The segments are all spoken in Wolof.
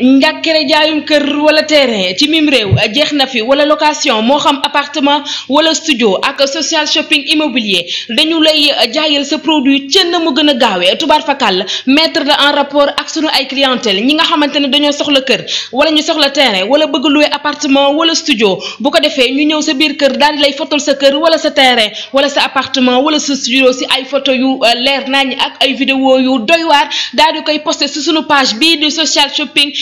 njàkkere jaayum kër wala terrain ci mim réew jeex ou fi wala location mo xam appartement wala studio ak social shopping immobilier dañu lay jaayal sa produit ci na mu gëna gaawé tubar tubaar fakal mettre de en rapport ak sunu ay clientèle ñi nga sur le dañoo soxla kër wala ñu soxla terrain wala bëgg louer appartement wala studio bu ko défé ñu ñëw sa biir kër dal di lay fotol sa kër wala sa terrain wala sa appartement wala sa studio ci ay photo yu euh, leer nañ ak ay vidéo yu doy waar dal di koy posté si sunu page bi du social shopping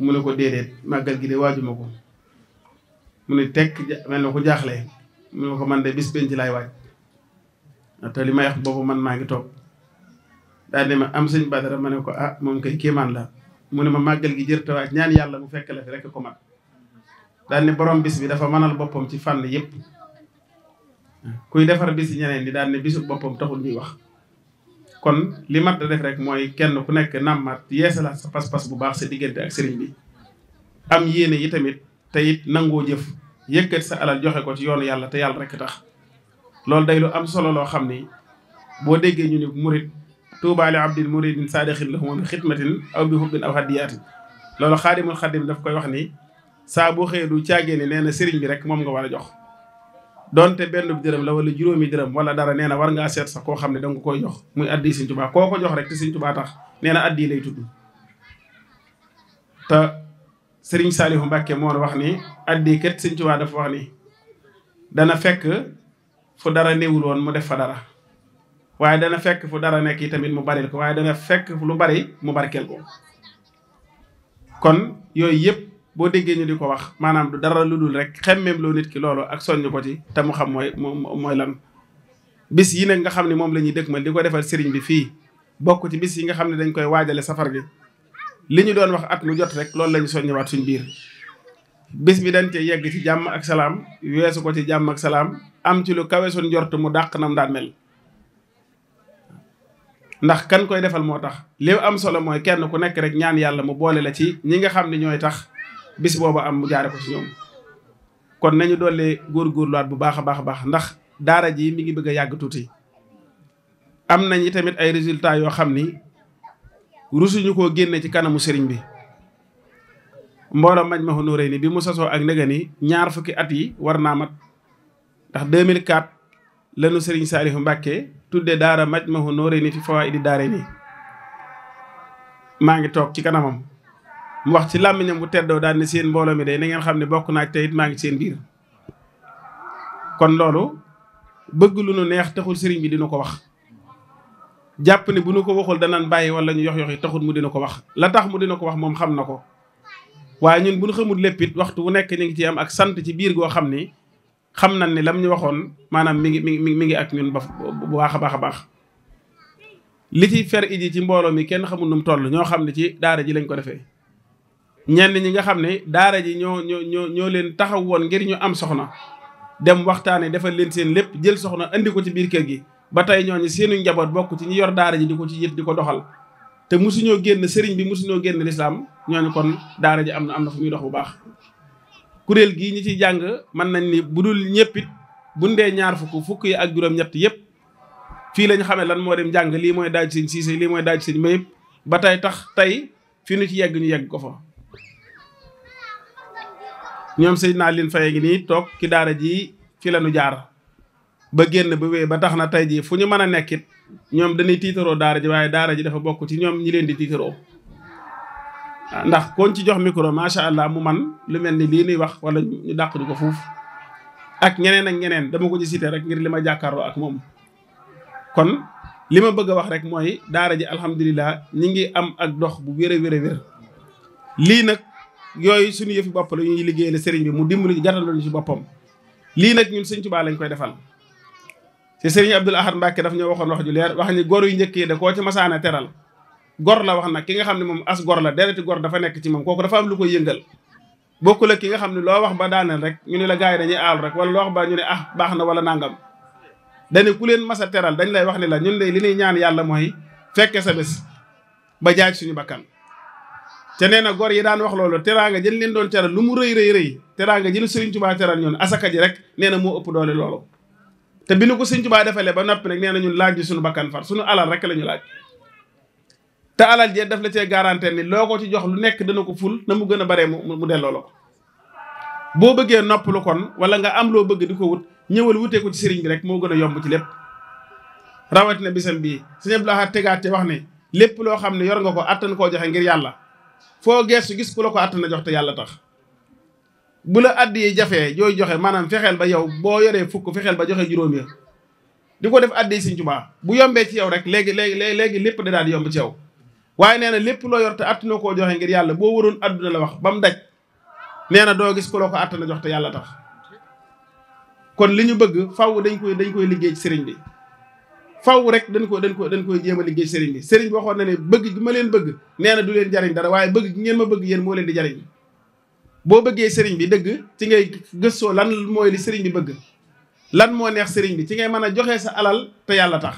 mu ne ko déedéet màggal gi de waajuma ko mu ne tekk mel na ko jaaxle mu ne ko man de bis benn ci laay waaj te li may wax boobu man maa ngi toog daal ne ma am sëñ Badara ma ne ko ah moom kay kéemaan la mu ne ma màggal gi jër te waaj ñaan yàlla mu fekk la fi rek ko mat daane borom bis bi dafa manal boppam ci fànn yëpp kuy defar bis yi ñeneen ni daal ne bisu boppam taxul muy wax kon li mat da def rek mooy kenn ku nekk nàmmat yeesalaat sa pas-pas bu baax sa diggante ak sëriñ bi am yéene yi tamit te nangoo jëf yëkkat sa alal joxe ko ci yoonu yàlla te yàlla rek tax loolu day lu am solo loo xam ni boo déggee ñu ni murit tuubaali abdil muridin saadixin la moom bi xidmatin aw bi hubbin aw haddiyaatin loolu xaadimul xadim daf koy wax ni saa boo xëyee du caagee ni nee na sëriñ bi rek moom nga war a jox donte benn bu dërëm la wala juróomi dërëm wala dara nee na war ngaa seet sax koo xam ne danga koy jox muy addi Sëñ Tuubaa koo ko jox rek te Sëñ Tuubaa tax nee na addi lay tudd te Sëriñ Saalihu Mbàkke moo wax ni addi kat Sëñ Tuubaa dafa wax ni dana fekk fu dara néewul woon mu def fa dara dana fekk fu dara nekk yi tamit mu baril ko waaye dana fekk lu bari mu barkeel ko kon yooyu yëpp boo déggee ñu di ko wax maanaam du dara lu dul rek xemmeem loo nit ki loolu ak soññ ko ci te mu xam mooy mooy lan bis yi nag nga xam ne moom la ñuy ma di ko defal sëriñ bi fii bokk ci bis yi nga xam ne dañ koy waajale safar gi li ñu doon wax at mu jot rek loolu la ñu soññewaat suñ biir bis bi dañ cee yegg ci jàmm ak salaam weesu ko ci jàmm ak salaam am ci lu kawe suñ mu dàq nam daan ndax kan koy defal moo tax li am solo mooy kenn ku nekk rek ñaan yàlla mu boole la ci ñi nga xam ne ñooy tax bis boobu am mu jaare ko ci ñoom kon nañu góor góorgóorluwaat bu baax a baax a baax ndax daara ji mi ngi bëgg a yàgg tuuti am nañ tamit ay résultats yoo xam ni rusuñu koo génne ci kanamu sëriñ bi mbooloo Majmahun Nurayni bi mu sasoo ak ndega ni ñaar fukki at yi war naa mat ndax 2004 lanu sëriñ Saalihu Mbàkke tudde daara maj Majmahun Nurayni fi fawaa'idi daarayni maa ngi toog ci kanamam mu wax ci làmmiñam bu teddoo daal ni seen mbooloo mi de na ngeen xam ne bokk naa ak tey maa ngi seen biir kon loolu bëgg lu nu neex taxul sëriñ bi dina ko wax jàpp ne bu nu ko waxul danaan bàyyi wala ñu yox yox yi taxul mu dina ko wax la tax mu dina ko wax moom xam na ko waaye ñun bu nu xamul lépp it waxtu wu nekk ñu ngi ci am ak sant ci biir goo xam ni xam nañ ne lam ñu waxoon maanaam mi ngi mi ngi mi ngi ak ñun ba bu baax a baax a baax li ci fer iji ci mbooloo mi kenn xamul nu mu toll ñoo xam ne ci daara ji lañ ko defee ñenn ñi nga xam ne daara ji ñoo ñoo ñoo ñoo leen taxaw woon ngir ñu am soxna dem waxtaane defal leen seen lépp jël soxna indi ko ci biir kër gi ba tey ñoo ñi seenu njaboot bokk ci ñu yor daara ji di ko ci yët di ko doxal te mosuñoo génn sëriñ bi mosuñoo génn lislaam ñooñu kon daara ji am na am na fu muy dox bu baax kuréel gii ñu ci jàng mën nañ ni bu dul ñëppit bu ndee ñaar fukk fukk yi ak juróom-ñett yëpp fii lañu xamee lan moo dem jàng lii mooy daaj seen siise lii mooy daaj seen mayëb ba tey tax tey fi nu ci yegg yegg ko fa ñoom sey naa Seydina Aline Faye ngi nii toog ki daara ji fi la ñu jaar ba génn ba wéy ba tax na tey jii fu ñu mën a nekkit ñoom dañuy tiitaroo daara ji waaye daara ji dafa bokk ci ñoom ñi leen di tiitaroo ndax kon ci jox micro macha allah mu man lu mel ni lii nuy wax wala ñu dàq ñu ko fuuf ak ñeneen ak ñeneen dama ko ci cité rek ngir li ma jàkkaarloo ak moom kon li ma bëgg a wax rek mooy daara ji alhamdulilah ñi ngi am ak dox bu wér a lii nag yooyu suñu yëfi bopp la ñuy liggéeyal sëriñ bi mu dimbali jaraloon ci boppam lii nag ñun sëñ Tuubaa lañ koy defal te sëriñ Abdul Ahad Mbàkke daf ñoo waxoon wax ju leer wax ni gor yu njëkk yi koo ci masaana teral gor la wax nag ki nga xam ne moom as gor la dereti gor dafa nekk ci moom kooku dafa am lu koy yëngal bokkul ak ki nga xam ne loo wax ba daaneel rek ñu ne la gars yi dañuy aal rek wala loo wax ba ñu ne ah baax na wala nangam dañu ku leen mas teral dañ lay wax ni la ñun de li ñuy ñaan yàlla mooy fekke sa bés ba jaaj suñu bakkan te nee na gor yi daan wax loolu teraanga jën leen doon teral lu mu rëy rëy rëy teraanga jël Sëriñ Tubaa teral ñun asaka ji rek nee na moo ëpp doole loolu te bi nu ko Sëriñ Tubaa defalee ba noppi nag nee na ñun laaj ji suñu bakkan far suñu alal rek la ñu laaj te alal jee daf la cee garantie ni loo ko ci jox lu nekk dana ko ful na mu gën a baree mu mu delloo la ko boo bëggee nopp noppalu kon wala nga am loo bëgg di ko wut ñëwal wutee ko ci sëriñ bi rek moo gën a yomb ci lépp rawatina bisam bii sëñ Abdou Lahad tegaat ci wax ne lépp loo xam ne yor nga ko attan koo joxe ngir yàlla foo gestu gis ku la ko àttana jox te yàlla tax bu la àddiyee jafee jooy joxe maanaam fexeel ba yow boo yoree fukk fexeel ba joxe juróom ya di ko def àddiyi Sëñ Tuubaa bu yombee ci yow rek léegi léegi léegi lépp da daal di yomb ci yow waaye nee na lépp loo yor te àttana koo joxe ngir yàlla boo waroon àdduna la wax ba mu daj nee na doo gis ku la ko àttana jox te yàlla tax kon li ñu bëgg fàww dañ koy dañ koy liggéey ci sëriñ bi faw rek dañ ko dañ ko dañ koy jéem a liggéey sëriñ bi sëriñ bi waxoon na ne bëgg gi ma leen bëgg nee du leen jariñ dara waaye bëgg gi ngeen ma bëgg yéen moo leen di jariñ boo bëggee sëriñ bi dëgg ci ngay gëstoo lan mooy li sëriñ bi bëgg lan moo neex sëriñ bi ci ngay mën a joxe sa alal te yàlla tax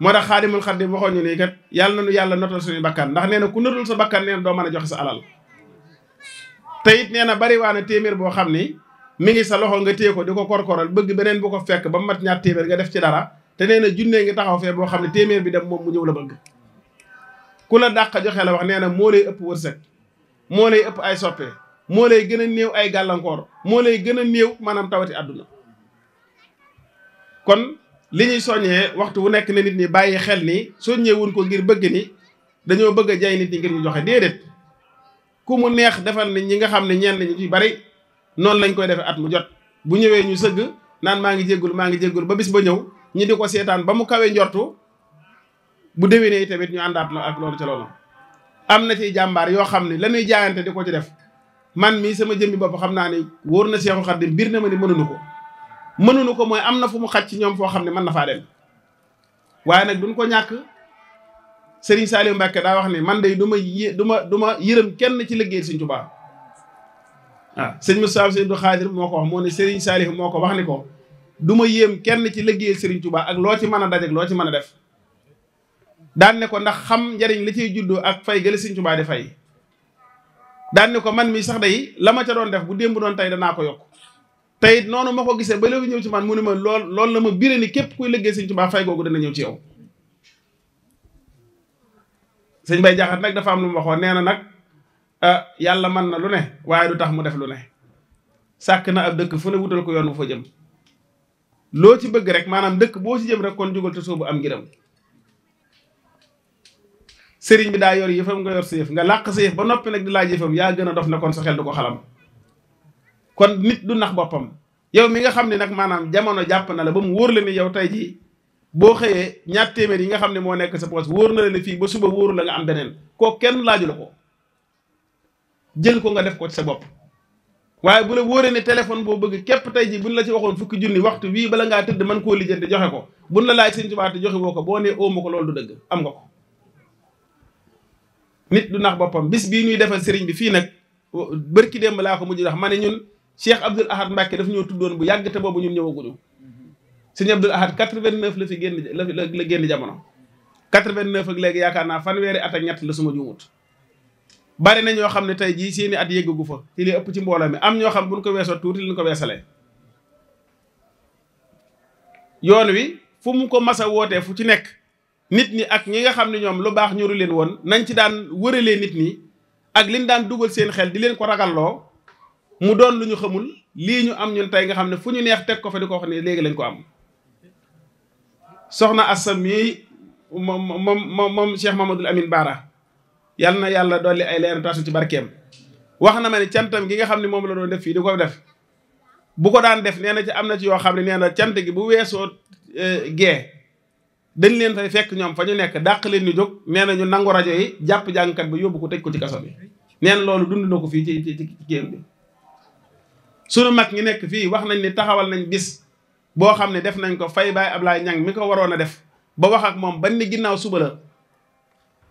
moo tax xaadimul waxoon ñu ne kat yàlla na nu yàlla notal suñu bakkan ndax nee na ku notul sa bakkan doo mën a joxe sa alal te nee na bari waa na téeméer boo xam ni mi ngi sa loxo nga téye ko di ko korkoral bëgg beneen bu ko fekk ba mu mat ñaar téeméer nga def ci dara te nee na junne ngi taxaw fee boo xam ne téeméer bi dem moom mu ñëw la bëgg ku la dàq joxe la wax nee na moo lay ëpp wërsëg moo lay ëpp ay soppe moo lay gën a néew ay gàllankoor moo lay gën a néew maanaam tawati àdduna kon li ñuy soññee waxtu wu nekk ne nit ñi bàyyi xel ni soññee wuñ ko ngir bëgg ni dañoo bëgg a jaay nit ñi ngir joxe déedéet ku mu neex defal ni ñi nga xam ne ñenn ñu ci bari noonu lañ koy defee at mu jot bu ñëwee ñu sëgg naan maa ngi jéggul maa ngi jéggul ba bis ba ñëw ñu di ko seetaan ba mu kawee njortu bu déwénee tamit ñu àndaat ak loolu ca loolu am na ci jàmbaar yoo xam ne la ñuy jaayante di ko ci def man mii sama jëmmi bopp xam naa ne wóor na Seexu Xaadim biir na ma ne mënuñu ko mënuñu ko mooy am na fu mu xaj ci ñoom foo xam ne mën na faa dem waaye nag duñ ko ñàkk Serigne Saliou Mbacke daa wax ne man day du ma y du ma du ma yërëm kenn ci liggéey si Touba waaw ah, sëñ Moustapha Seydou Khadir moo ko wax moo ne Serigne Saliou moo ko wax ni ko du ma yéem kenn ci liggéey Serigne tubaa ak loo ci mën a dajeek loo ci mën a def daan ne ko ndax xam njariñ la ciy juddoo ak fay gële Serigne tubaa di fay daan ne ko man mi sax day la ma ca doon def bu démb doon tey danaa ko yokk tey noonu ma ko gisee ba léegi ñëw ci man mu ne ma lool loolu la ma biré ni képp kuy liggéey Serigne Touba fay googu dana ñëw ci yow sëñ Bay Jaxate nag dafa am lu mu waxoon nee na nag ah, yàlla mën na lu ne waaye du tax mu def lu ne sàkk na ab dëkk fu ne wutal ko yoon bu fa loo ci bëgg rek maanaam dëkk boo ci jëm rek kon jógal te soobu am ngiram sëriñ bi daa yor yëfam nga yor sa yëf nga làq sa yëf ba noppi nag di laaj yëfam yaa gën a dof na kon sa xel du ko xalam kon nit du nax boppam yow mi nga xam ne nag maanaam jamono jàpp na la ba mu wóor la ni yow tey jii boo xëyee ñaar téeméer yi nga xam ne moo nekk sa poos wóor na la ne fii ba suba wóoru la nga am beneen koo kenn laaju la ko jël ko nga def ko ci sa bopp waaye bu la wóoree ne téléphone boo bëgg képp tey ji buñ la ci waxoon fukki junni waxtu wii bala ngaa tëdd mën koo lijjanti joxe ko buñ la laaj sëñ Tuubaa te joxe woo ko boo nee óoma ko loolu du dëgg am nit du nax boppam bis bii ñuy defal sëriñ bi fii nag bërki démb laa ko mujj wax ma ne ñun Cheikh Abdoul Ahad Mbacke daf ñoo tuddoon bu yàgg te boobu ñun ñëwaguñu sëñ Abdoul Ahad 89 la fi génn la la génn jamono 89 ak léegi yaakaar naa fanweeri at ak ñett la suma juumut bari na ñoo xam ne tey jii seeni at yëggagu fa ci li ëpp ci mbooloo mi am ñoo xam buñ ko weesoo tuuti liñ ko weesalee yoon wi fu mu ko masa wootee fu ci nekk nit ñi ak ñi nga xam ne ñoom lu baax ñoru leen woon nañ ci daan wëralee nit ñi ak liñ daan dugal seen xel di leen ko ragalloo mu doon lu ñu xamul lii ñu am ñun tey nga xam ne fu ñu neex teg ko fa di ko wax ne léegi lañ ko am soxna Assa mii moom moom moom Cheikh Mamadou Amine Bara yal na yàlla dolli ay leer tasu ci barkeem wax na ma ne cantam gi nga xam ne moom la doon def fii di ko def bu ko daan def nee na ci am na ci yoo xam ne nee na cant gi bu weesoo eh, gee dañ leen fay fekk ñoom fa ñu nekk dàq leen ñu jóg nee na ñu nangu rajo yi jàpp jàngkat bi yóbbu ko tëj ko ci kaso bi neen loolu dund na ko fii ci ci ci kéem bi sunu mag ñi nekk fii wax nañ ni taxawal nañ bis boo xam ne def nañ ko fay baay laay Ñang mi ko waroon a def ba wax moom ban ni ginnaaw suba la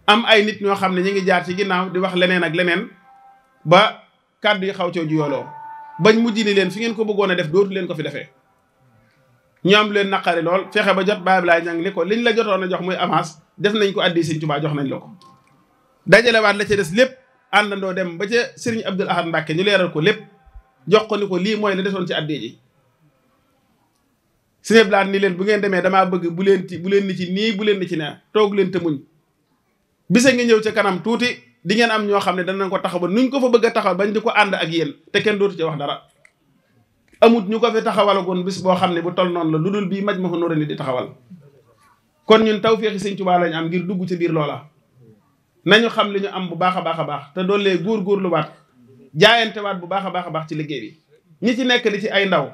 am ay nit ñoo xam ne ñu ngi jaar ci ginnaaw di wax leneen ak leneen ba kàddu yi xaw coo ju yooloo bañ mujj ni leen fi ngeen ko bëggoon a def dootu leen ko fi defee ñu am leen naqari lool fexe ba jot baab laay ñang ni ko liñ la jotoon a jox muy avance def nañ ko addi sëñ Tuubaa jox nañ la ko dajalewaat la ca des lépp àndandoo dem ba ca sëriñ Abdul Ahad Mbàkke ñu leeral ko lépp jox ko ni ko lii mooy la desoon ci addi ji sëñ Blaat ni leen bu ngeen demee damaa bëgg bu leen ci bu leen ci nii bu leen ni ci ne toog leen te bisa ngi ñëw ca kanam tuuti di ngeen am ñoo xam ne danañ ko taxawal nuñ ko fa bëgg a taxawal bañ di ko ànd ak yéen te kenn dootu ci wax dara amut ñu ko fi taxawalagoon bis boo xam ne bu tol noonu la lu dul bii maj ma ko nóorani di taxawal kon ñun tawféexi Sëñ Tuubaa lañ am ngir dugg ci biir loola nañu xam li ñu am bu baax a baax a baax te doolee góor-góorlu waat jaayante bu baax a baax a baax ci liggéey bi ñi ci nekk li ci ay ndaw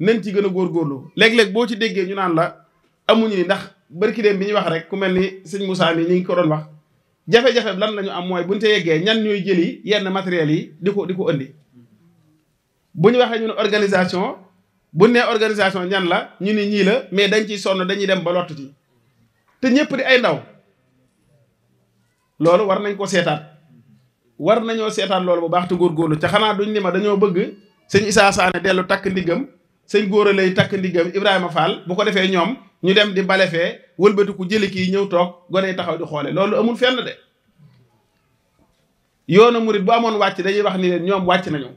nañ ci gën a góorgóorlu léeg-léeg boo ci déggee ñu naan la amuñu ni ndax barki dem bi ñuy wax rek ku mel ni sëñ Moussa mi ñu ngi ko doon wax jafe-jafe lan la ñu am mooy buñu te yeggee ñan ñooy jëli yenn matériels yi di ko di ko indi bu ñu waxee ñu ne organisation bu nee organisation ñan la ñu ni ñii la mais dañ ciy sonn dañuy dem ba lott ci te ñëpp di ay ndaw loolu war nañ ko seetaan war nañoo seetaan loolu bu baax te góorgóorlu ci xanaa duñ ni ma dañoo bëgg sëñ Issa Sané dellu takk ndiggam sëñ góor lay takk ndigam Ibrahima Fall bu ko defee ñoom ñu dem di bale fee wëlbatiku jëli kii ñëw toog gone yi taxaw di xoole loolu amul fenn de yoonu murit bu amoon wàcc dañuy wax ni leen ñoom wàcc nañu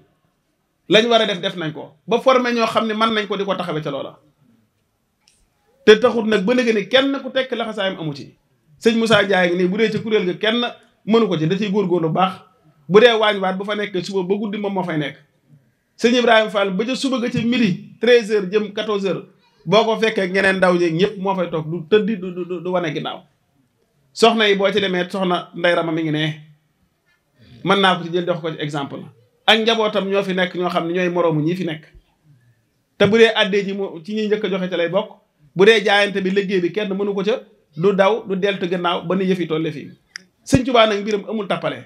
lañ war a def def nañ ko ba formé ñoo xam ne mën nañ ko di ko taxawe ca loola te taxut nag ba léegi ni kenn ku tekk laxasaayam amu ci sëñ musaa Ndiaye ngi nii bu dee ci kuréel ga kenn mënu ko ci da ciy lu baax bu dee waañ waat bu fa nekk suba ba guddi moom moo fay nekk sëñ Ibrahima Fall ba ca suba ga ci midi 13h jëm 14h boo ko fekkee ngeneen ndaw ñi ñëpp moo fay toog du tëddi du du du wane ginnaaw soxna yi boo ci demee soxna nday rama mi ngi ne mën naa ko ci jël jox ko ci exemple ak njabootam ñoo fi nekk ñoo xam ne ñooy moroomu ñi fi nekk te bu dee addee ji mu ci ñuy njëkk a joxe ca lay bokk bu dee jaayante bi liggéey bi kenn mënu ko ca du daw du deltu gannaaw ba ni yëfi tolle fii sëñ Tuubaa nag mbiram amul tappale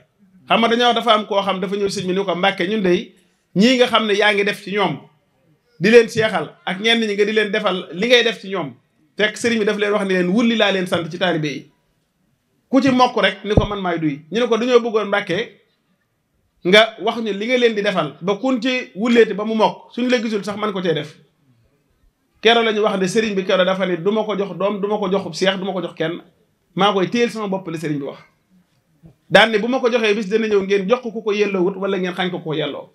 xam nga dañoo dafa am koo xam dafa ñëw sëñ bi ni ko mbàkke ñun de ñii nga xam ne yaa ngi def ci ñoom di leen seexal ak ñenn ñi nga di leen defal li ngay def ci ñoom fekk sëriñ bi daf leen wax ni leen wulli laa leen sant ci taalibe yi ku ci mokk rek ni ko man maay duy ñu ne ko dañoo bëggoon mbàkkee nga wax ñu li nga leen di defal ba kun ci wulleeti ba mu mokk suñu la gisul sax man ko cee def keroog la ñu wax ne sëriñ bi keroog dafa ne du ma ko jox doom duma ko jox seex du ma ko jox kenn maa koy teel sama bopp la sëriñ bi wax daan ne bu ma ko joxee bis dana ñëw ngeen jox ko ko yelloo wut wala ngeen ko ko yelloo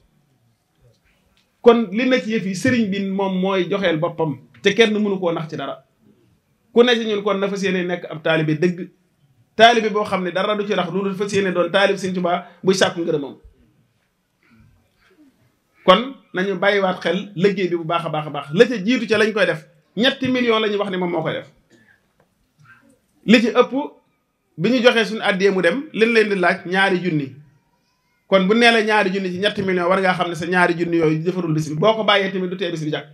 kon li na ci yëf yi sëriñ bi moom mooy joxeel boppam te kenn mënu koo nax ci dara ku ne ci ñun kon na fa yéene nekk ab taalibe dëgg taalibe boo xam ne dara du ci rax lu dul fas yéene doon taalib Sëriñ Tuubaa buy sàkku ngërëmam kon nañu bàyyiwaat xel liggéey bi bu baax a baax a baax la ca jiitu ca lañ koy def ñetti million la ñuy wax ne moom moo koy def li ci ëpp bi ñu joxee suñu àddiyee mu dem leen leen di laaj ñaari junni kon bu nee la ñaari junni ci ñetti million war ngaa xam ne sa ñaari junni yooyu defarul bis bi boo ko bàyyee tamit du tee jàkk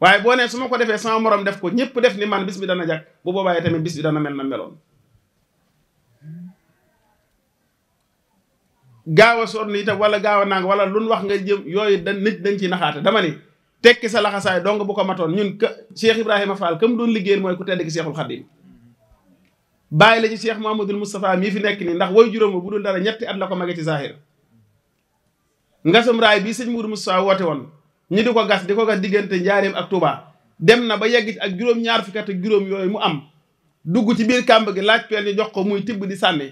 waaye boo nee su ma ko defee sama morom def ko ñëpp def ni man bis bi dana jàkk bu boobaa tamit bis bi dana mel na meloon gaaw a sonn itam wala gaaw a nang lu luñ wax nga jëm yooyu da nit dañ ciy naxaate dama ni tekki sa laxasaay dong bu ko matoon ñun Cheikh Ibrahima Fall kam doon liggéey mooy ku tedd ki Cheikhul Khadim bàyyi la ci Cheikh Mouhamadoul Moustapha mii fi nekk nii ndax woy juróom bu dul dara ñetti at la ko mage ci zahir ngasum raay bii sëñ Mourou Moustapha woote woon ñu di ko gas di ko gas diggante njaareem ak Touba dem na ba yegg ci ak juróom-ñaar fukki ak juróom yooyu mu am dugg ci biir kàmb gi laaj peel ñu jox ko muy tibb di sànni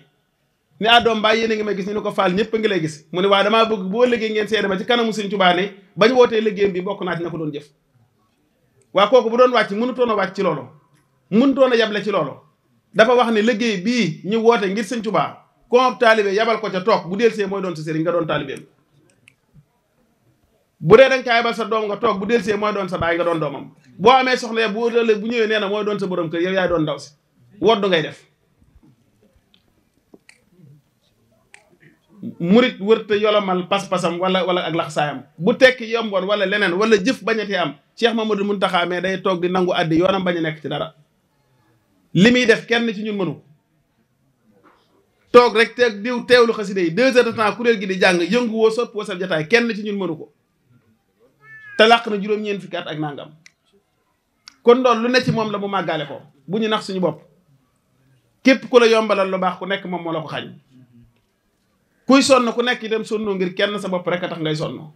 ne ah, doom baa yéen a ngi may gis ñu ne ko faal ñëpp a ngi lay gis mu ne waa damaa bëgg boo liggéey ngeen seede ma ci kanamu sëñ Touba ne bañ wootee bi bokk naa ci ko doon jëf waa kooku bu doon wàcc mënutoon a wàcc ci loolu mënutoon a yable ci loolu dafa wax ne liggéey bii ñu woote ngir sëñ Tuubaa koo taalibe yabal ko ca toog bu delsee mooy doon sa sëriñ nga doon taalibeem bu dee danga caa yabal sa doom nga toog bu delsee mooy doon sa baay nga doon doomam boo amee soxna bu ëllëg bu ñëwee nee na mooy doon sa borom kër yow yaay doon ndaw si woddu ngay def murit wërta yolomal pas-pasam wala wala ak laxsaayam bu tekki yomboon wala leneen wala jëf bañatee am Cheikh mun Muntaxa mais day toog di nangu addi yoonam bañ a nekk ci dara li muy def kenn ci ñun mënu toog rek te diw teewlu xasida yi deux heures de temps kuréel gi di jàng yëngu woo sopp woo jataay kenn ci ñun mënu ko te làq na juróom-ñeent fukki at ak nangam kon loolu lu ne moom la mu màggaale ko bu ñu nax suñu bopp képp ku la yombalal lu baax ku nekk moom moo la ko xañ kuy sonn ku nekk itam sonnoo ngir kenn sa bopp rek a tax ngay sonn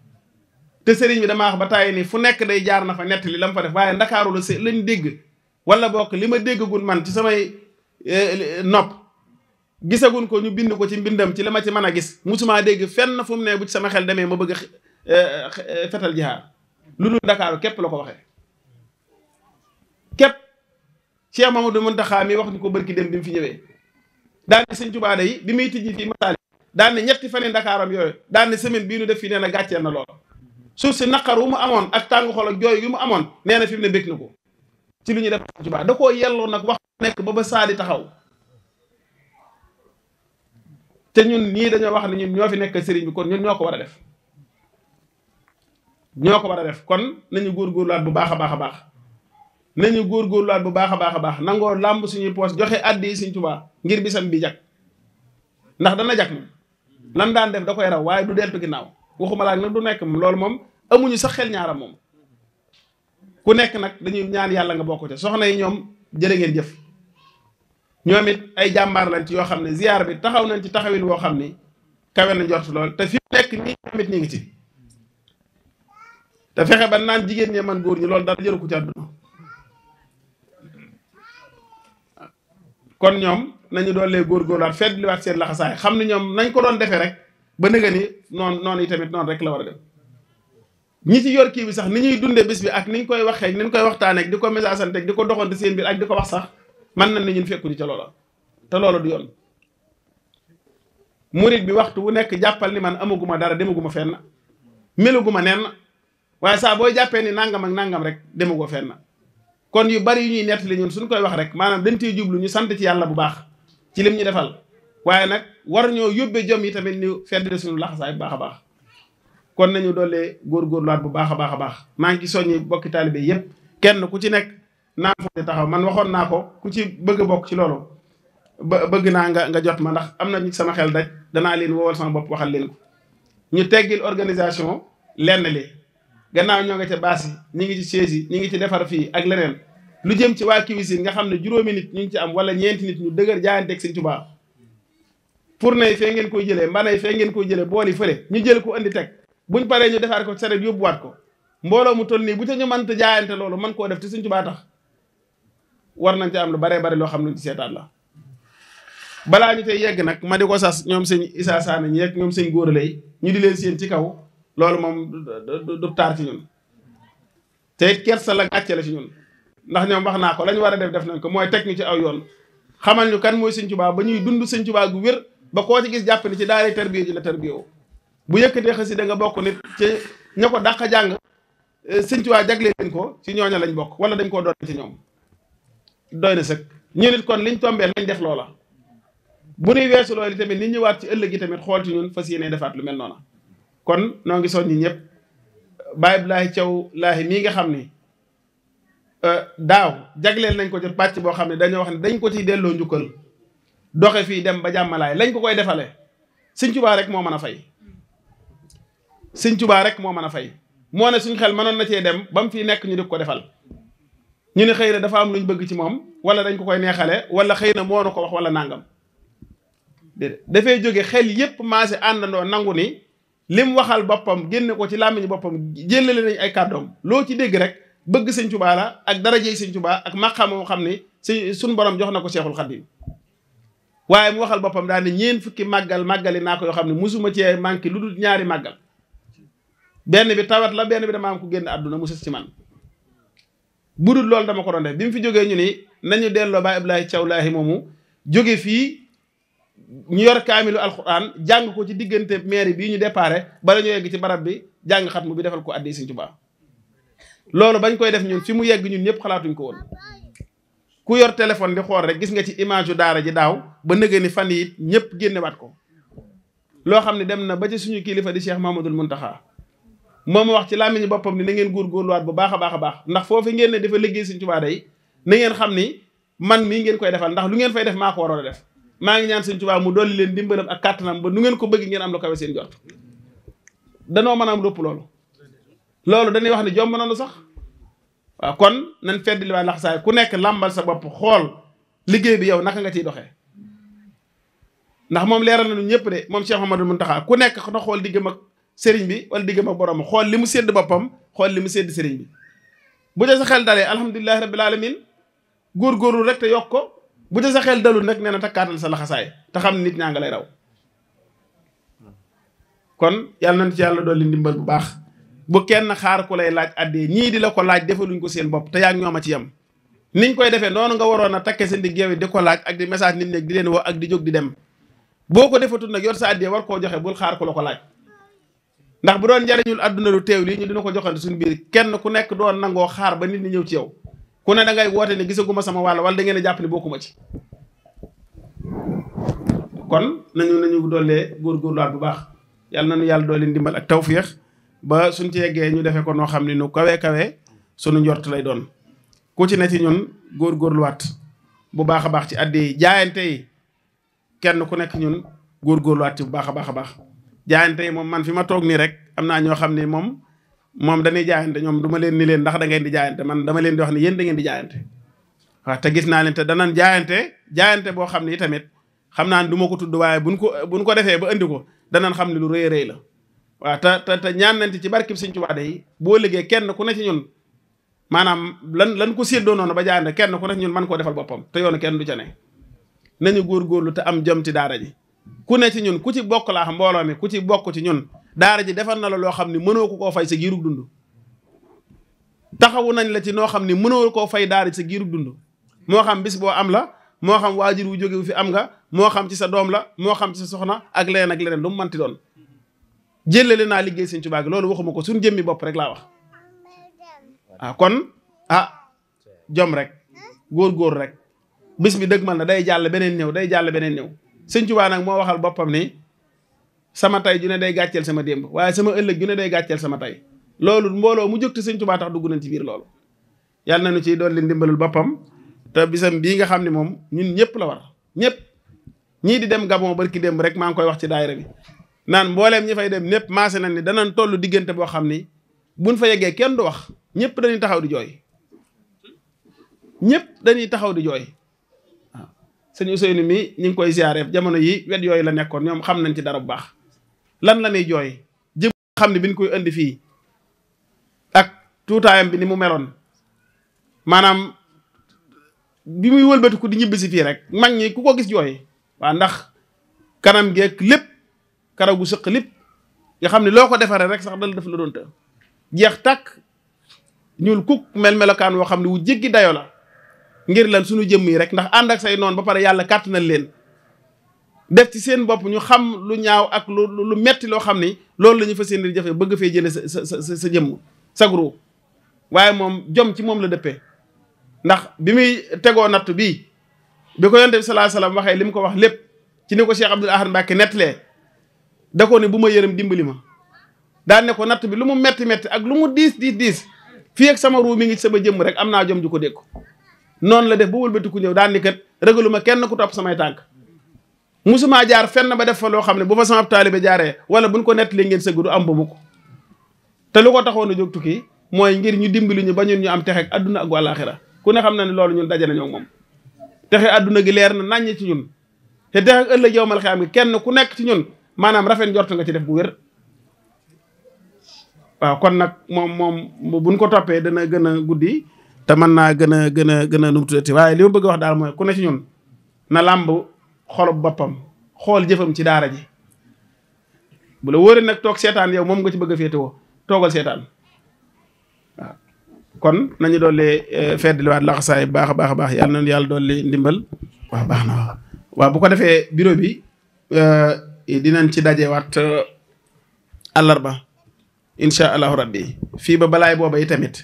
te sëriñ bi damaa wax ba tàyyi nii fu nekk day jaar na fa nett li la mu fa def waaye ndakaaru la lañ dégg wala bok lima deggul man ci samay nop gisagun ko ñu bind ko ci mbindam ci li ci mën gis musuma dégg fenn fu mu ne bu ci sama xel deme ma bëgg fetal jihad lulu dul kep lako waxe kep waxee képp Cheikh Mamadou Muntaxa mi wax ni ko barki dem bi mu fi ñëwee daane seigne touba day bi muy tijji fii masaali ni ñetti fane dakaram yoy yooyu ni semaine bi nu def fi neena gatché na lool suuf si naqar mu amone ak tàng xol ak joy yu mu amone neena fi ne bekk nako ci li ñuy def ci baax da koo yelloo nag wax nekk ba ba saadi taxaw te ñun ñii dañoo wax ne ñun ñoo fi nekk sëriñ bi kon ñun ñoo ko war a def ñoo ko war a def kon nañu góorgóorluwaat bu baax a baax a baax nañu góorgóorluwaat bu baax a baax a baax nangoo làmb suñuy poos joxe addi yi suñ tubaa ngir bisam bi jag ndax dana jag moom lan daan def da koy raw waaye du deltu ginnaaw waxuma laa nag du nekk moom loolu moom amuñu sax xel ñaaram moom ku nekk nag dañuy ñaan yàlla nga bokk ca soxna yi ñoom jërë ngeen jëf ñoom ay jàmbaar lañ ci yoo xam ne ziar bi taxaw nañ ci taxawin woo xam ni kawe na njort lool te fi nekk nii tamit ñu ngi ci. te ba naan jigéen ñi man góor ñi loolu dara jëru ko ci àdduna ñoom nañu doolee góorgóorluwaat fedd liwaat seen laxasaay xam ne ñoom nañ ko doon defee rek ba nëga ni noonu noonu yi tamit noonu rek la war a dem ñi ci yor kii bi sax ni ñuy dundee bis bi ak niñ koy waxee ni ñu koy waxtaanee ak di ko message ante di ko doxante seen biir ak di ko wax sax mën nañ ne ñun fekkuñu ca loola te loola du yoon. murit bi waxtu wu nekk jàppal ni man amaguma dara demaguma fenn meluguma nenn waaye saa booy jàppee ni nangam ak nangam rek demagoo fenn kon yu bari yu ñuy nettali ñun suñ koy wax rek maanaam dañ tey jublu ñu sant ci yàlla bu baax ci lim ñu defal waaye nag war ñoo yóbbee jom yi tamit ñu fedd suñu laxasaay baax a baax. kon nañu doolee góorgóorluwaat bu baax a baax a baax maa ngi soññi bokki taalibe yépp kenn ku ci nekk naan fa di taxaw man waxoon naa ko ku ci bëgg bokk ci loolu ba bëgg naa nga nga jot ma ndax am na ñu sama xel daj danaa leen woowal sama bopp waxal leen ko ñu teggil organisation lenn li gannaaw ñoo nga ca baas yi ñu ngi ci chaise yi ñu ngi ci defar fii ak leneen lu jëm ci waa cuisine nga xam ne juróomi nit ñu ngi ci am wala ñeenti nit ñu dëgër jaayanteeg Sëñ Tuubaa pour nay fee koy jëlee mbanay fee ngeen koy jëlee bool yi fële ñu jël ko andi teg bu ñu paree ñu defaat ko sareet yóbbuwaat ko mbooloo mu toll nii bu ca ñu mënta jaayante loolu man koo def te Sëñ Tuubaa tax war nañ ci am lu baree bari loo xam ne ci seetaan la balaa ñu tey yegg nag ma di ko sas ñoom sëñ Issa Sane ñi ñoom sëñ góor lay ñu di leen seen ci kaw loolu moom du taar ci ñun te it kersa la gàcce la ci ñun ndax ñoom wax naa ko lañu war a def def nañ ko mooy teg ñu ci aw yoon xamal ñu kan mooy suñ Tuubaa ba ñuy dund sëñ Tuubaa gu wér ba koo ci gis jàpp ni ci daara tarbiya ji la tarbiyoo bu yëkkatee xasida nga bokk nit ci ña ko dàq jàng eh, sëñ Tuubaa jagle ko ci ñooña lañ bokk wala dañ koo doon ci ñoom doy na sëkk ñu nit kon liñ tombee lañ def loola bu nuy weesu loolu tamit nit ñëwaat ci ëllëg yi tamit xool ci ñun fas yéene defaat lu mel noona kon noo ngi soññi ñëpp Baay Ibrahima Thiaw Laahi mii nga xam ni eh, daaw jagleel nañ ko ci pàcc boo xam ne dañoo wax ne dañ ko ciy delloo njukkal doxe fii dem ba jàmmalaay lañ ko koy defalee sëñ Tuubaa rek moo mën a fay seigne touba rek mo meuna fay mo ne suñ xel manon na ci dem bam fi nek ñu di ko defal ñu ni xëy dafa am luñ bëgg ci mom wala dañ ko koy neexale wala xeyna mo moo na ko wax wala nàngam déedéet dafay jóge xel yépp maase àndandoo nangu ni lim waxal bopam genn ko ci làmmiñu boppam jëlale nañ ay kàddoom lo ci dégg rek bëgg seigne touba la ak darajey seigne touba ak maqamoo xam ni si suñ borom jox nako cheikhul khadim waye mu waxal bopam daal ne ñeen fukki magal màggali naa ko xamni musuma ci manki luddul ñaari magal benn bi tawat la benn bi dama am ku génn àdduna mu sës ci man bu dul loolu dama ko doon def bi mu fi jógee ñu ni nañu delloo Baay Ablaay Caw Laahi moomu jóge fii ñu yor kaamilu alxuraan jàng ko ci diggante mairie bii ñu déparé bala ñu yegg ci barab bi jàng xatmu bi defal ko addi Sëñ Tuubaa loolu bañ koy def ñun fi mu yegg ñun ñëpp xalaatuñ ko woon ku yor téléphone di xool rek gis nga ci image yu daara ji daaw ba nëgë fan yi ñëpp génnewaat ko loo xam ne dem na ba suñu kilifa di Cheikh Mamadul Muntaxa moom wax ci làmmiñu boppam ni na ngeen góorgóorluwaat bu baax a baax a baax ndax foofu ngeen ne dafa liggéey Sëriñ day na ngeen xam ni man mii ngeen koy defal ndax lu ngeen fay def maa ko waroon a def maa ngi ñaan Sëriñ Tuubaa mu leen dimbalam ak kàttanam ba nu ngeen ko ngeen am lu kawe seen jot danoo mën a am lépp loolu loolu wax ne jomb nañu sax kon nañ fedd li waa lax ku nekk làmbal sa bopp xool liggéey bi yow naka nga ciy doxee ndax moom leeral nañu ñëpp de moom Cheikh Mamadou taxaa ku nekk na xool diggam ak sëriñ bi wala diggam ak borom xool li mu sédd boppam xool li mu sédd sëriñ bi bu dee sa xel dalee alhamdulilahi rabil alamin góorgóorlu rek te yokk ko bu dee sa xel dalul nag nee na takkaatal sa laxasaay te xam nit ñaa nga lay raw kon yàlla nañ ci yàlla dolli ndimbal bu baax bu kenn xaar ku lay laaj addee ñii di la ko laaj defaluñ ko seen bopp te yaa ñoom a ci yem niñ koy defee noonu nga waroon a takke seen di géewe di ko laaj ak di message nit ak di jóg di dem boo ko defatul nag yor sa addee war koo joxe bul xaar ku la ko laaj ndax bu doon njariñul àdduna lu teew lii ñu dina ko joxante suñu biir kenn ku nekk doon nangoo xaar ba nit ñi ñëw ci yow ku ne dangay ngay woote ne gisaguma sama wàll wala da ngeen a jàpp ne bokkuma ci kon nañu nañu doolee góorgóorluwaat bu baax yàlla nañu yàlla doole ndimbal ak tawféex ba suñ ci ñu defee ko noo xam ne nu kawee kawee suñu njort lay doon ku ci ne ci ñun góorgóorluwaat bu baax a baax ci àddi jaayante yi kenn ku nekk ñun góorgóorluwaat ci bu baax a baax a baax jaayante yi moom man fi ma toog nii rek am naa ñoo xam ne moom moom dañuy jaayante ñoom du leen ni leen ndax da ngeen di jaayante man dama leen di wax ne yéen da ngeen jaayante waaw te gis naa leen te danan jaayante jaayante boo xam ne tamit xam naa ne du ko tudd waaye buñ ko buñ ko defee ba andi ko danan xam ne lu rëy rëy la waaw te te te ñaan nañ ci ci barkib Sëñ Tuubaa yi boo liggéey kenn ku ne ci ñun maanaam lan lan ko séddoo noonu ba jaayante kenn ku ne ci ñun mën koo defal boppam te yoonu kenn du ca ne nañu góorgóorlu te am jom ci daara ji ku ne ci ñun ku ci bokk laa mbooloo mi ku ci bokk ci ñun daara ji defal na la loo xam ne mënoo ko koo fay sa giirug dund taxawu nañ la ci noo xam ne mënoo koo fay daara ji sa giirug dund moo xam bis boo am la moo xam waajur wu jóge wu fi am nga moo xam ci sa doom la moo xam ci sa soxna ak leneen ak leneen lu mu mënti doon jëlale naa liggéey sëñ Tuubaa gi loolu waxuma ko suñ jëmmi bopp rek laa wax ah kon ah jom rek góor-góor rek bis bi dëgg mal na day jàll beneen ñëw day jàll beneen ñëw sëñ nag moo waxal boppam ni sama tey ju ne day gàcceel sama démb waaye sama ëllëg ju ne day gàcceel sama tey loolu mbooloo mu jóg te sëñ tax dugg nañ ci biir loolu yàlla nañu ciy doon leen dimbalul boppam te bisam bii nga xam ne moom ñun ñëpp la war ñëpp ñii di dem Gabon barki démb rek maa ngi koy wax ci daayira bi naan mbooleem ñi fay dem ñëpp maase nañ ni danañ tollu diggante boo xam ni bu buñ fa yeggee kenn du wax ñëpp dañuy taxaw di jooy ñëpp dañuy taxaw di jooy sëñ Ousseynou mii ñu ngi koy ziareef jamono yi wet yooyu la nekkoon ñoom xam nañ ci dara bu baax lan la jooy jëm xam ne bi ñu koy indi fii ak tuutaayam bi ni mu meloon maanaam bi muy wëlbatiku di ñibbisi fii rek mag ñi ku ko gis jooy waa ndax kanam geek lépp karaw gu sëq lépp nga xam ne loo ko defaree rek sax dal daf la doon jeex tàkk ñuul kuk mel melokaan woo xam ne wu jéggi dayoo la ngir lan suñu jëmm yi rek ndax ànd ak say noonu ba pare yàlla kàttanal leen def ci seen bopp ñu xam lu ñaaw ak lu lu metti loo xam ni loolu la fa seen yéene di jafe bëgg fee jëlee sa sa sa sa jëmm sagru waaye moom jom ci moom la dëppee ndax bi muy tegoo natt bi ko yonte bi salaa salaam waxee li mu ko wax lépp ci ni ko Cheikh Abdoul Ahad Mbacke da ko bu ma yërëm dimbali ma daan ne ko natt bi lu mu metti metti ak lu mu diis diis diis fii ak sama ruu mi ngi sama jëmm rek am naa jom ju ko dékku noonu la def ba ku ñëw daan ni kat ragaluma kenn ku topp samay tànk musuma jaar fenn ba def fa loo xam ne bu fa sama taalibe jaaree wala buñ ko nettalee ngeen sëgg du am ba mu ko te lu ko taxoon a jóg tukki mooy ngir ñu dimbali ñu ba ñun ñu am texe ak adduna ak wàllaaxira ku ne xam na ne loolu ñun daje nañoo moom texe adduna gi leer na naññ ci ñun te texe ak ëllëg yowmal xiyaam gi kenn ku nekk ci ñun maanaam rafet njort nga ci def bu wér waaw kon nag moom moom buñ ko toppee dana gën a guddi te mën naa gën a gën a gën a nu waaye li ma bëgg a wax daal mooy ku ne ci ñun na làmb xolub bappam xool jëfam ci daara ji bu la wóoree nag toog seetaan yow moom nga ci bëgg a féetewoo toogal seetaan waaw kon nañu doole eh, feddliwaat laxasaay baax a baax a baax yàlla nañu yàlla doole ndimbal waa baax na waaw. waaw bu ko defee bureau bi eh, dinañ ci daje dajewaat eh, àllarba incha allahu rabbi fii ba balaay booba yi tamit.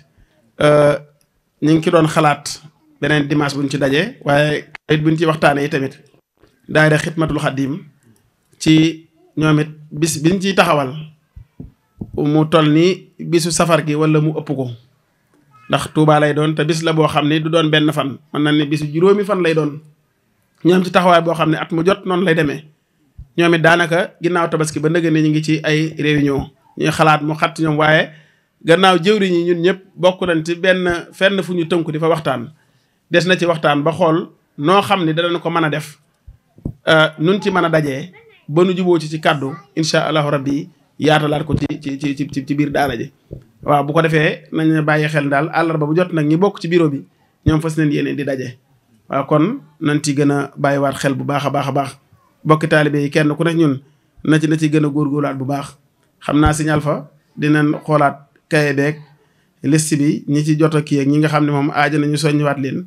ñu ngi ci doon xalaat beneen dimanche buñ ci dajee waaye kayit buñ ci waxtaanee tamit daayira xidmatul xadim ci ñoomit bis biñ ci taxawal mu toll ni bisu safar gi wala mu ëpp ko ndax Touba lay doon te bis la boo xam ni du doon benn fan mën na ni bisu juróomi fan lay doon ñoom ci taxawaay boo xam ne at mu jot noonu lay demee ñoomit daanaka ginnaaw tabaski ba nëgë ni ñu ngi ci ay réunion ñuy xalaat mu xat ñoom waaye gannaaw jëwriñ yi ñun ñëpp bokk nañ ci benn fenn fu ñu tënku di fa waxtaan des na ci waxtaan ba xool noo xam ni danañ ko mën a def euh, nun ci mën a daje ba nu juboo ci ci kàddu incha allahu rabbi yaatalaat ko ci ci ci ci ci biir daara ji waaw bu ko defee nañ ne bàyyi xel daal àllarba bu jot nag ñi bokk ci bureau bi ñoom fas nañ yéeneen di daje. waaw kon nañ ci gën a bàyyiwaat xel bu baax a baax a baax bokki taalibe yi kenn ku ne ñun na ci na ci gën a góorgóorlaat bu baax xam naa signal fa dinañ xoolaat. kaye beeg liste bi ñi ci jot a kii ak ñi nga xam ne moom aaja nañu soññiwaat leen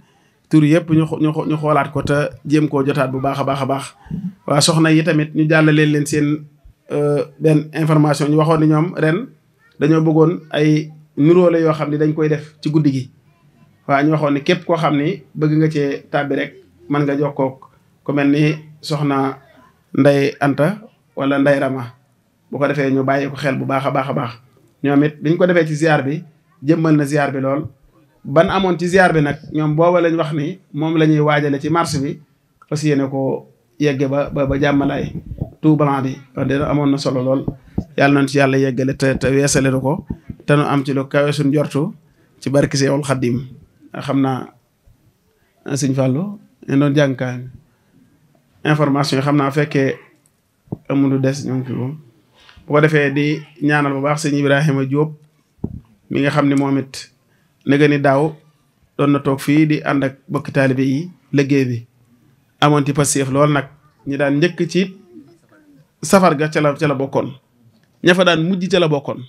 tur yëpp ñu ñu xoolaat ko te jéem koo jotaat bu baax a baax a baax waa soxna yi tamit ñu jàllaleen leen seen euh, benn information ñu waxoon ne ñoom ren dañoo bëggoon ay nuróole yoo xam ne dañ koy def ci guddi gi waa ñu waxoon ne képp koo xam ni bëgg nga cee tàbbi rek mën nga jokkoo ku mel ni soxna nday Anta wala Ndey Rama bu ko defee ñu bàyyi ko xel bu baax a baax a baax ñoom it biñ ko defee ci ziar bi jëmmal na ziar bi lool ban amoon ci ziar bi nag ñoom booba lañ wax ni moom la ñuy waajale ci mars bi fas yéene ko yegge ba ba ba jàmmalaay tout blanc bi kon dina amoon na solo lool yàlla nañ ci yàlla yeggale te te weesale ko te nu am ci lu kawe suñ jortu ci barki Seexul Xaddim xam naa sëñ Fallou ñu doon jàngkaan information yi xam naa fekkee amul lu des ñoom fi moom bu ko defee di ñaanal bu baax sëñ Ibrahima jóob mi nga xam ni moom it nega ni daaw doon na toog fii di ànd ak bokki taalibe yi liggéey bi amoon ti passif lool nag ñi daan njëkk ci safar ga ca la bokkoon ña fa daan mujj ca bokkoon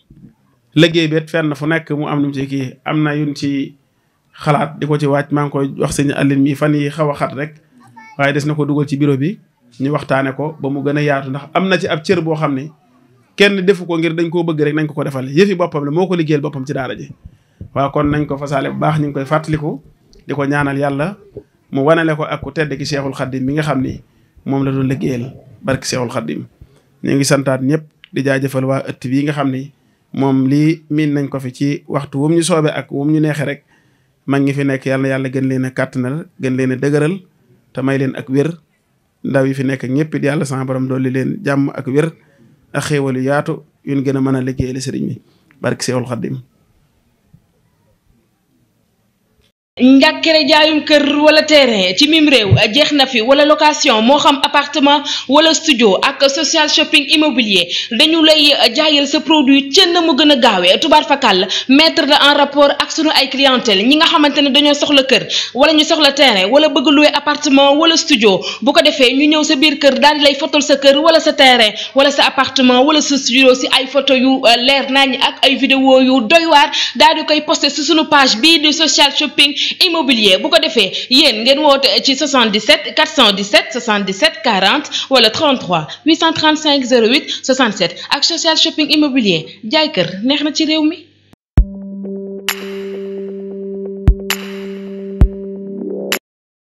liggéey bi fenn fu nekk mu am nu mu ci kii am na yun ci xalaat di ko ci wàcc maa ngi koy wax sëñ Aline mi fan yi xaw a xat rek waaye des na ko dugal ci bureau bi ñu waxtaane ko ba mu gën a yaatu ndax am na ci ab cër boo xam ne kenn defu ko ngir dañ koo bëgg rek nañ ko ko defal yëfi boppam la moo ko liggéeyal boppam ci daara ji waaw kon nañ ko fasaale bu baax ñu ngi koy fàttaliku di ko ñaanal yàlla mu wanale ko ak ku tedd ki Seexul Xaddim mi nga xam ni moom la doon liggéeyal barki Seexul Xaddim ñu ngi santaat ñëpp di jaajëfal waa ëtt yi nga xam ni moom lii miin nañ ko fi ci waxtu wum ñu soobee ak wum ñu neexee rek mag ngi fi nekk yàlla yàlla gën leen a kàttanal gën leen a dëgëral te may leen ak wér ndaw yi fi nekk ñëpp yàlla sama borom dolli leen jàmm ak wér ak xéewal yu yaatu yuñ gën a mën a liggéeyal sëriñ bi barke Seexul Xaddim njàkkere jaayum keur wala terrain ci mim réew jeex fi wala location mo xam appartement wala studio ak social shopping immobilier dañu lay jaayel sa produit cën mu gëna gaawé gaawee tubaar fakal mettre la en rapport ak suñu ay clientèle ñi nga xamante ne dañoo soxla keur wala ñu soxla terrain wala bëgg louer appartement wala studio bu ko défé ñu ñëw sa biir keur dal di lay fotol sa keur wala sa terrain wala sa appartement wala sa studio ci ay photo yu euh, leer nañ ak ay vidéo yu doy waar dal di koy posté ci suñu page bi de social shopping immobilier bu ko faits, Yen, 77 417 77 40 wala 33 835 08 67 Action social shopping immobilier jaay kër ce